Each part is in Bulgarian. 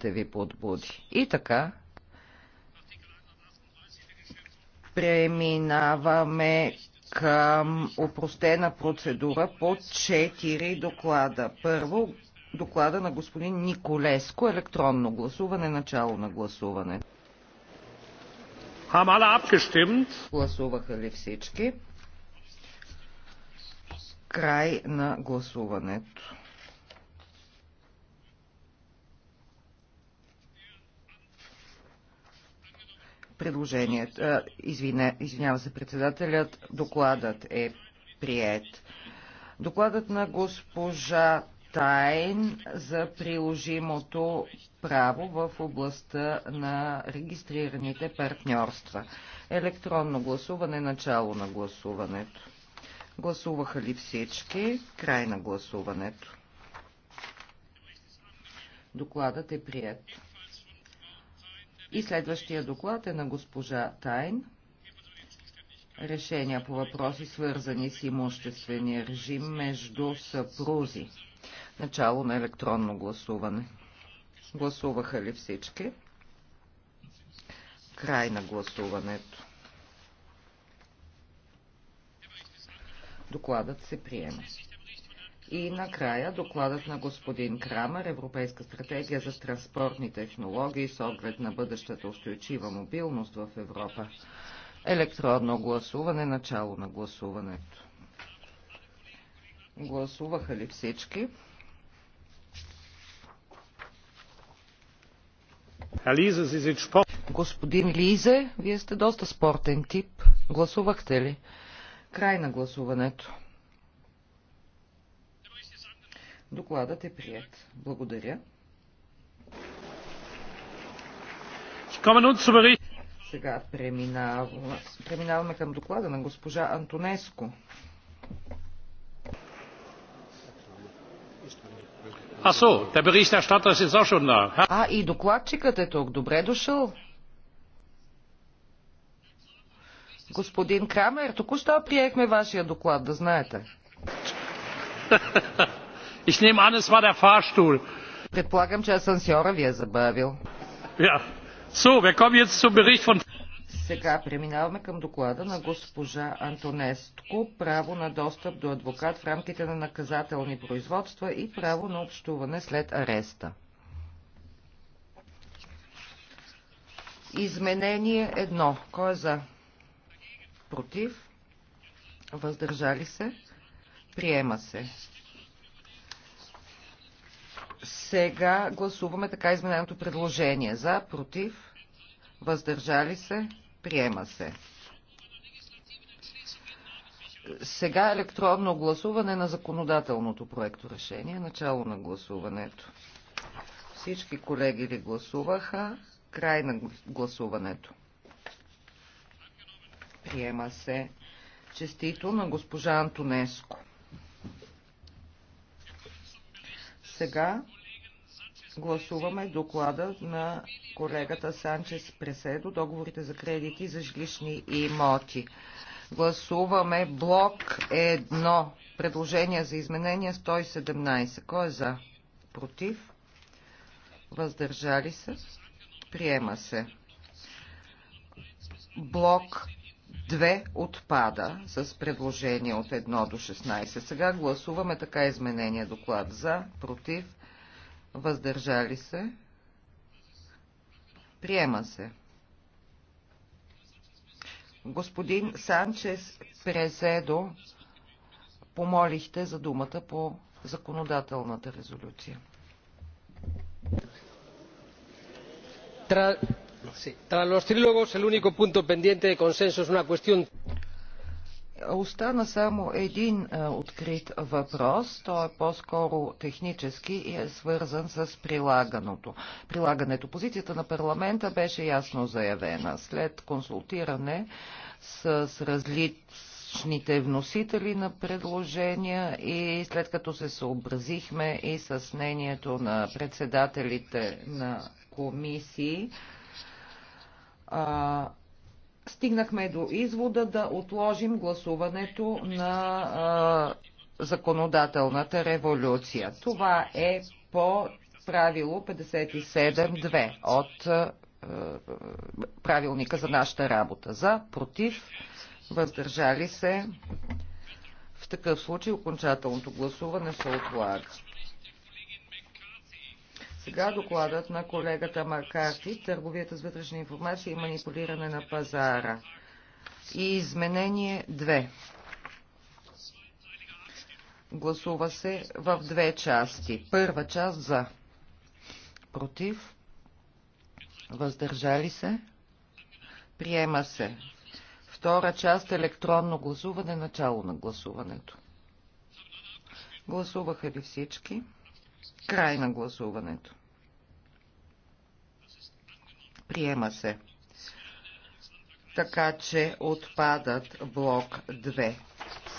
да ви подбуди. И така, преминаваме към упростена процедура по 4 доклада. Първо, доклада на господин Николеско, електронно гласуване, начало на гласуване. Гласуваха ли всички? Край на гласуването. предложението, извиня, извинява се председателят, докладът е прият. Докладът на госпожа Тайн за приложимото право в областта на регистрираните партньорства. Електронно гласуване, начало на гласуването. Гласуваха ли всички? Край на гласуването. Докладът е прият. И следващия доклад е на госпожа Тайн. Решения по въпроси, свързани с имуществения режим между съпрузи. Начало на електронно гласуване. Гласуваха ли всички? Край на гласуването. Докладът се приема. И накрая докладът на господин Крамер, Европейска стратегия за транспортни технологии с оглед на бъдещата устойчива мобилност в Европа. Електронно гласуване, начало на гласуването. Гласуваха ли всички? Господин Лизе, вие сте доста спортен тип. Гласувахте ли? Край на гласуването. Докладът е прият. Благодаря. Сега преминаваме, преминаваме към доклада на госпожа Антонеско. А, и докладчикът е тук. Добре дошъл. Господин Крамер, току-що приехме вашия доклад, да знаете. Ich nehme an, es war der Fahrstuhl. Предполагам, че асансьора ви е забавил. Ja. So, wir kommen jetzt zum Bericht von... Сега преминаваме към доклада на госпожа Антонеско право на достъп до адвокат в рамките на наказателни производства и право на общуване след ареста. Изменение едно. Кой е за? Против? Въздържали се? Приема се. Сега гласуваме така измененото предложение. За, против, въздържали се, приема се. Сега електронно гласуване на законодателното проекто решение. Начало на гласуването. Всички колеги ли гласуваха? Край на гласуването. Приема се. Честито на госпожа Антонеско. Сега гласуваме доклада на колегата Санчес Преседо, договорите за кредити за жилищни имоти. Гласуваме блок 1, предложение за изменение 117. Кой е за? Против? Въздържали се? Приема се. Блок 2. Две отпада с предложение от 1 до 16. Сега гласуваме така изменения доклад за, против, въздържали се. Приема се. Господин Санчес Презедо, помолихте за думата по законодателната резолюция. Tras los trílogos, el único punto pendiente de consenso es una cuestión остана само един е, открит въпрос. Той е по-скоро технически и е свързан с прилагането. Прилагането. Позицията на парламента беше ясно заявена. След консултиране с, с различните вносители на предложения и след като се съобразихме и с мнението на председателите на комисии, а, стигнахме до извода да отложим гласуването на а, законодателната революция. Това е по правило 57.2 от а, правилника за нашата работа. За, против, въздържали се. В такъв случай окончателното гласуване се отлага. Сега докладът на колегата Маркарти, търговията с вътрешна информация и манипулиране на пазара. И изменение 2. Гласува се в две части. Първа част за против, въздържали се, приема се. Втора част електронно гласуване, начало на гласуването. Гласуваха ли всички? Край на гласуването. Приема се. Така че отпадат блок 2.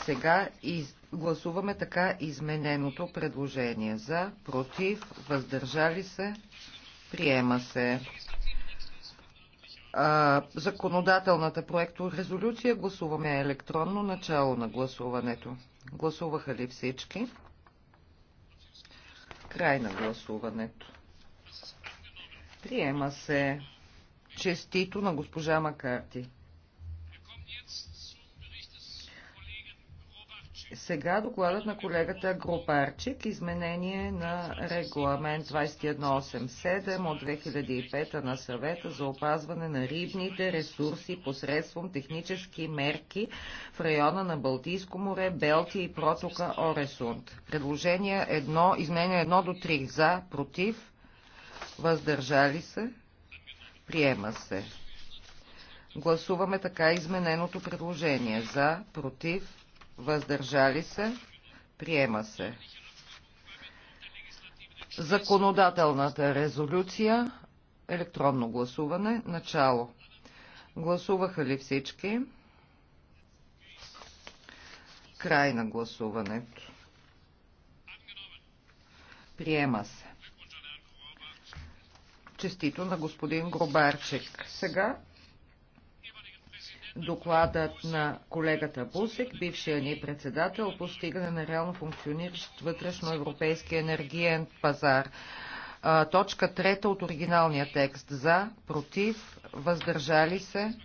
Сега из... гласуваме така измененото предложение. За, против, въздържали се, приема се. А, законодателната проекто резолюция гласуваме електронно начало на гласуването. Гласуваха ли всички? Край на гласуването. Приема се честито на госпожа Макарти. Сега докладът на колегата Групарчик, изменение на регламент 2187 от 2005 на съвета за опазване на рибните ресурси посредством технически мерки в района на Балтийско море, Белтия и протока Оресунд. Предложение 1, изменение 1 до 3 за, против, въздържали се, приема се. Гласуваме така измененото предложение. За, против, въздържали се, приема се. Законодателната резолюция, електронно гласуване, начало. Гласуваха ли всички? Край на гласуването. Приема се. Честито на господин Гробарчик. Сега докладът на колегата Бусек, бившия ни председател, постигане на реално функциониращ вътрешно европейски енергиен пазар. Точка трета от оригиналния текст. За, против, въздържали се.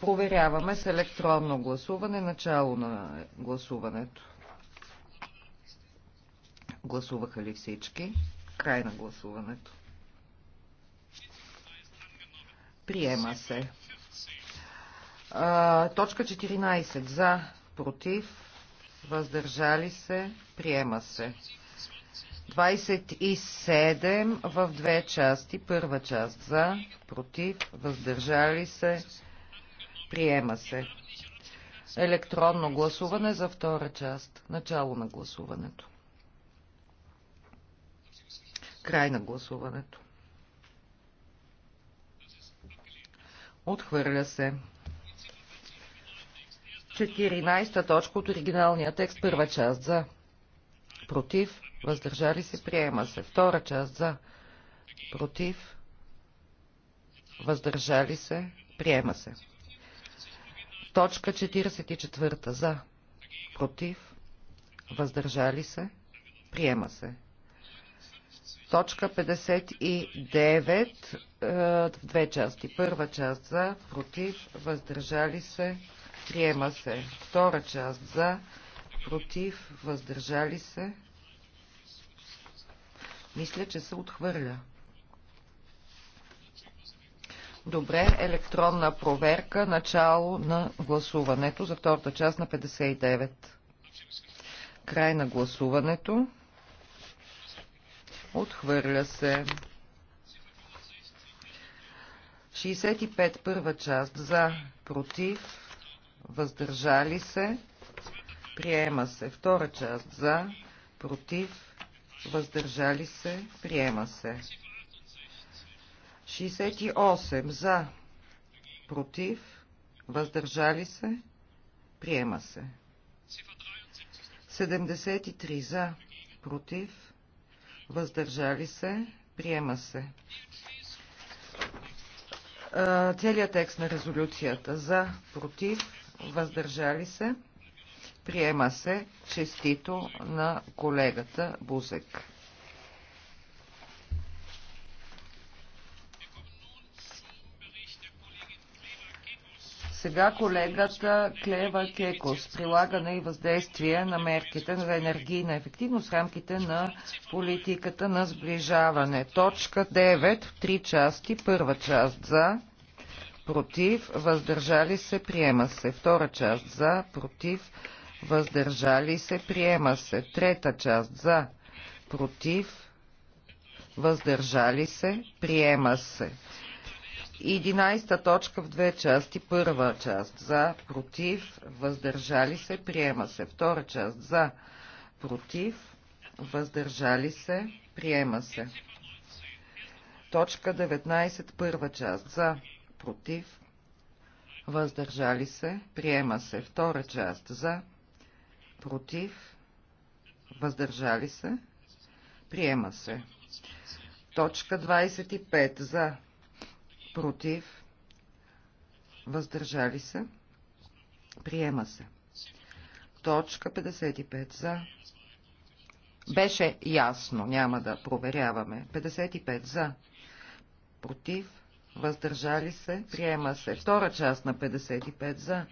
Проверяваме с електронно гласуване начало на гласуването. Гласуваха ли всички? Край на гласуването. Приема се точка 14. За, против, въздържали се, приема се. 27 в две части. Първа част за, против, въздържали се, приема се. Електронно гласуване за втора част. Начало на гласуването. Край на гласуването. Отхвърля се. 14 точка от оригиналния текст, първа част за. Против, въздържали се, приема се. Втора част за. Против, въздържали се, приема се. Точка 44 за. Против, въздържали се, приема се. Точка 59 е, в две части. Първа част за, против, въздържали се, Приема се. Втора част за, против, въздържали се. Мисля, че се отхвърля. Добре, електронна проверка, начало на гласуването за втората част на 59. Край на гласуването. Отхвърля се. 65 първа част за, против, въздържали се, приема се. Втора част за, против, въздържали се, приема се. 68 за, против, въздържали се, приема се. 73 за, против, въздържали се, приема се. Целият текст на резолюцията за, против, въздържали се, приема се честито на колегата Бузек. Сега колегата Клева Кекос прилагане и въздействие на мерките за енергийна ефективност в рамките на политиката на сближаване. Точка 9 в три части. Първа част за против, въздържали се, приема се. Втора част за, против, въздържали се, приема се. Трета част за, против, въздържали се, приема се. 11 точка в две части. Първа част за, против, въздържали се, приема се. Втора част за, против, въздържали се, приема се. Точка 19, първа част за, против, въздържали се, приема се. Втора част за, против, въздържали се, приема се. Точка 25 за, против, въздържали се, приема се. Точка 55 за, беше ясно, няма да проверяваме. 55 за, против, въздържали се, приема се. Втора част на 55 за,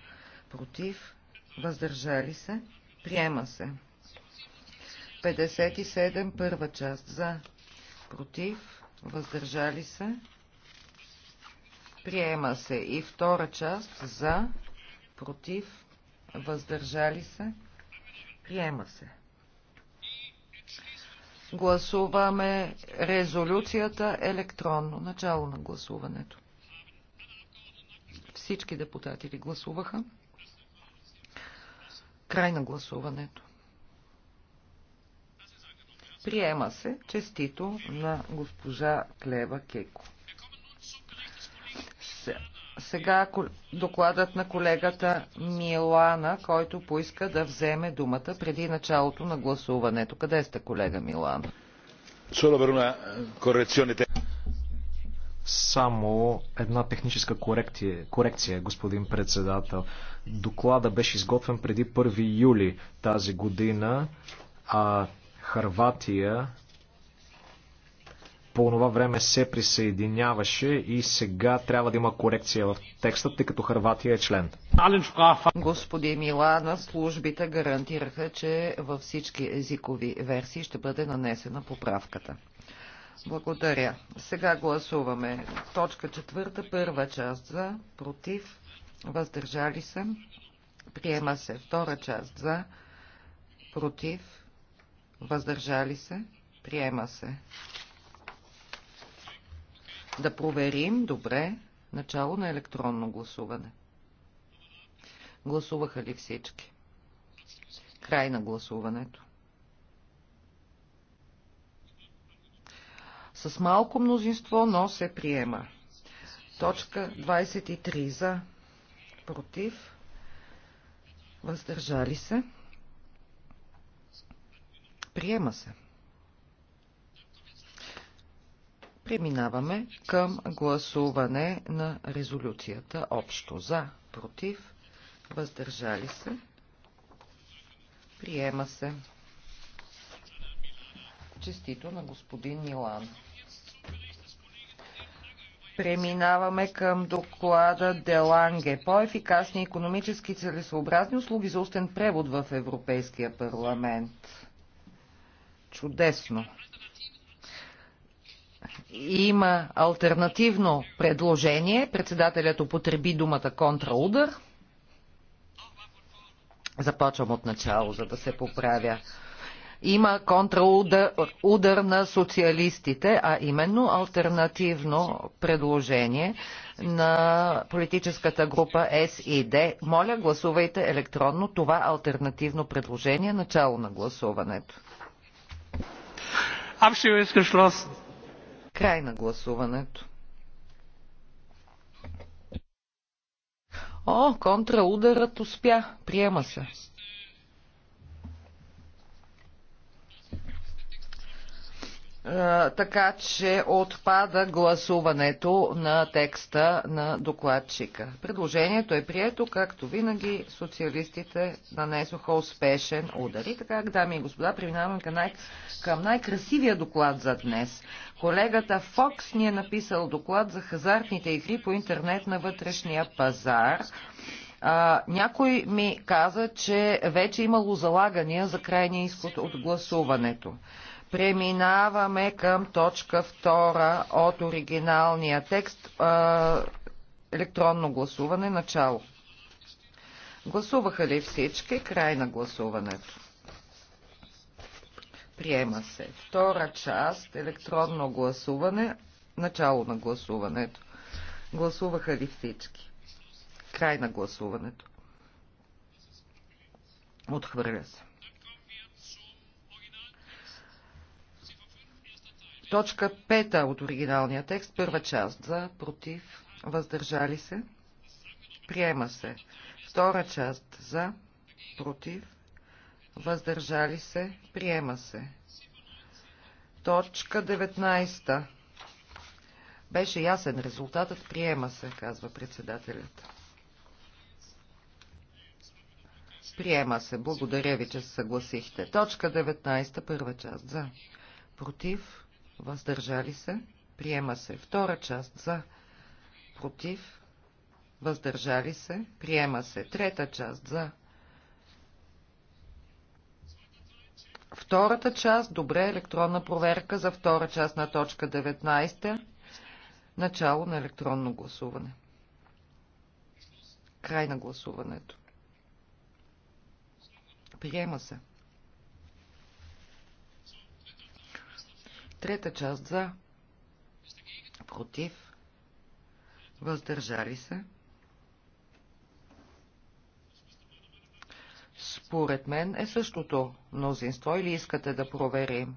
против, въздържали се, приема се. 57 първа част за, против, въздържали се, приема се. И втора част за, против, въздържали се, приема се. Гласуваме резолюцията електронно. Начало на гласуването. Всички депутати ли гласуваха? Край на гласуването. Приема се честито на госпожа Клева Кеко. Сега докладът на колегата Милана, който поиска да вземе думата преди началото на гласуването. Къде сте, колега Милана? Само една техническа корекция, корекция, господин председател. Доклада беше изготвен преди 1 юли тази година, а Харватия по това време се присъединяваше и сега трябва да има корекция в текста, тъй като Харватия е член. Господин Милана, службите гарантираха, че във всички езикови версии ще бъде нанесена поправката. Благодаря. Сега гласуваме точка четвърта, първа част за, против, въздържали се, приема се втора част за, против, въздържали се, приема се. Да проверим, добре, начало на електронно гласуване. Гласуваха ли всички? Край на гласуването. С малко мнозинство, но се приема. Точка 23 за, против, въздържали се. Приема се. Преминаваме към гласуване на резолюцията общо за, против, въздържали се, приема се. Честито на господин Милан. Преминаваме към доклада Деланге. По-ефикасни економически целесообразни услуги за устен превод в Европейския парламент. Чудесно! Има альтернативно предложение. Председателят употреби думата контраудар. Започвам от начало, за да се поправя. Има контраудар удар на социалистите, а именно альтернативно предложение на политическата група СИД. Моля, гласувайте електронно това альтернативно предложение, начало на гласуването. Абсолютно е Край на гласуването. О, контраударът успя. Приема се. Е, така че отпада гласуването на текста на докладчика. Предложението е прието, както винаги социалистите нанесоха успешен удар. И така, дами и господа, преминаваме към, най- към най-красивия доклад за днес. Колегата Фокс ни е написал доклад за хазартните игри по интернет на вътрешния пазар. А, някой ми каза, че вече е имало залагания за крайния изход от гласуването. Преминаваме към точка 2 от оригиналния текст. Електронно гласуване. Начало. Гласуваха ли всички? Край на гласуването. Приема се. Втора част. Електронно гласуване. Начало на гласуването. Гласуваха ли всички? Край на гласуването. Отхвърля се. Точка 5 от оригиналния текст, първа част за, против, въздържали се, приема се. Втора част за, против, въздържали се, приема се. Точка 19. Беше ясен резултатът, приема се, казва председателят. Приема се. Благодаря ви, че се съгласихте. Точка 19, първа част. За. Против въздържали се, приема се. Втора част за, против, въздържали се, приема се. Трета част за. Втората част, добре, електронна проверка за втора част на точка 19, начало на електронно гласуване. Край на гласуването. Приема се. Трета част за. Против. Въздържали се. Според мен е същото мнозинство или искате да проверим?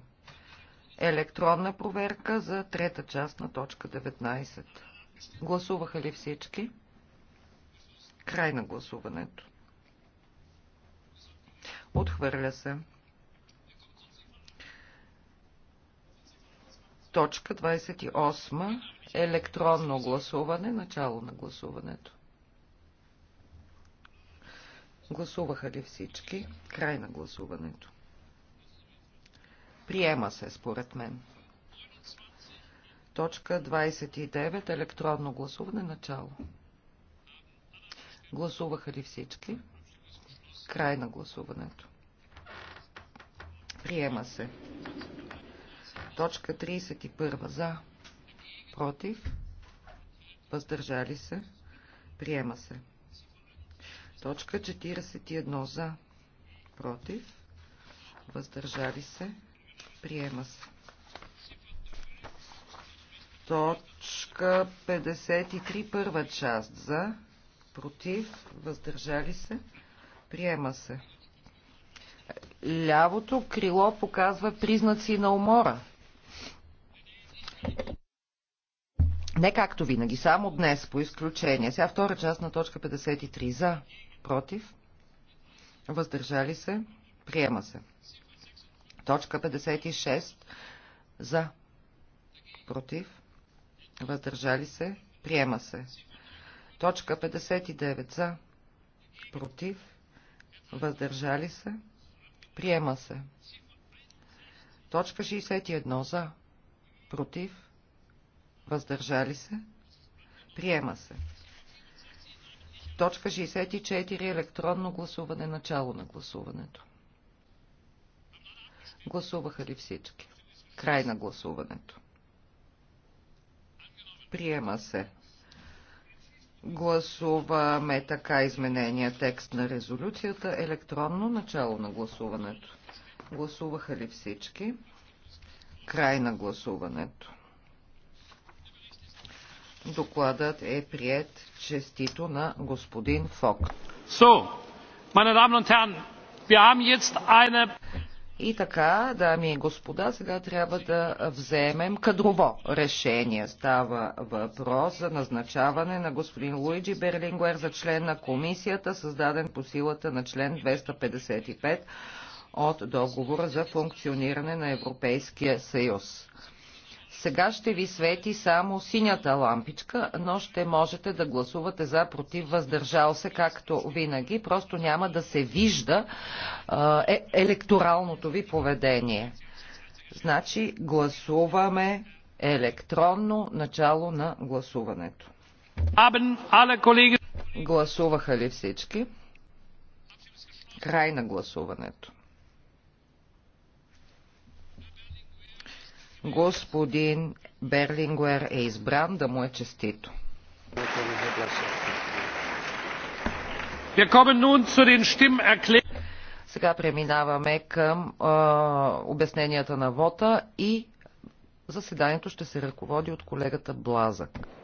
Електронна проверка за трета част на точка 19. Гласуваха ли всички? Край на гласуването. Отхвърля се. Точка 28. Електронно гласуване. Начало на гласуването. Гласуваха ли всички? Край на гласуването. Приема се, според мен. Точка 29. Електронно гласуване. Начало. Гласуваха ли всички? Край на гласуването. Приема се. Точка 31. За. Против. Въздържали се. Приема се. Точка 41. За. Против. Въздържали се. Приема се. Точка 53. Първа част. За. Против. Въздържали се. Приема се. Лявото крило показва признаци на умора. Не както винаги, само днес по изключение. Сега втора част на точка 53. За, против, въздържали се, приема се. Точка 56. За, против, въздържали се, приема се. Точка 59. За, против, въздържали се, приема се. Точка 61. За, против, въздържали се, приема се. Точка 64. Електронно гласуване. Начало на гласуването. Гласуваха ли всички? Край на гласуването. Приема се. Гласуваме така изменения текст на резолюцията. Електронно начало на гласуването. Гласуваха ли всички? Край на гласуването. Докладът е прият честито на господин Фок. So, meine Damen und Herren, wir haben jetzt eine... И така, дами и господа, сега трябва да вземем кадрово решение. Става въпрос за назначаване на господин Луиджи Берлингуер за член на комисията, създаден по силата на член 255 от договора за функциониране на Европейския съюз. Сега ще ви свети само синята лампичка, но ще можете да гласувате за против въздържал се, както винаги. Просто няма да се вижда е, електоралното ви поведение. Значи гласуваме електронно начало на гласуването. Абен, колеги. Гласуваха ли всички? Край на гласуването. господин Берлингуер е избран, да му е честито. Сега преминаваме към а, обясненията на вота и заседанието ще се ръководи от колегата Блазък.